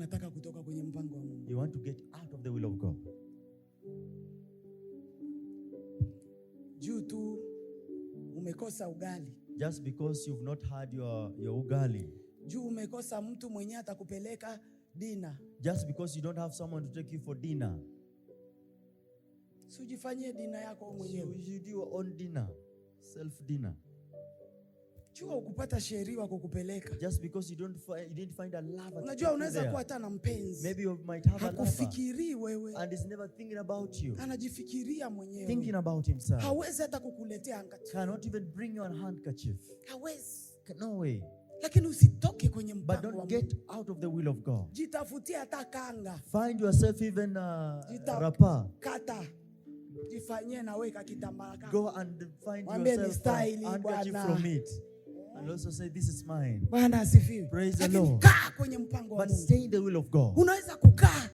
unataka kutoka kwenye mpango wa Mungu. You want to get out of the will of God. Juu tu umekosa ugali. Just because you've not had your, your ugali. Juu umekosa mtu mwenye atakupeleka dina Just because you don't have someone to take you for dinner. Sujifanyie dinner yako mwenyewe. You do your own dinner. Self dinner. Unajua ukupata sheri wa kukupeleka. Just because you don't find, didn't find a lover. Unajua unaweza kuwa hata na mpenzi. Maybe you might have a lover. wewe. And he's never thinking about you. Anajifikiria mwenyewe. Thinking about himself. Hawezi hata kukuletea Cannot even bring you a handkerchief. No way. Lakini usitoke kwenye mpango But don't get out of the will of God. Jitafutie hata kanga. Find yourself even uh, a wrapper. Kata. Jifanyie na weka kitambaa. Go and find yourself a handkerchief from it. Bwana asifiwe. Kaa kwenye mpango wa Mungu. Unaweza kukaa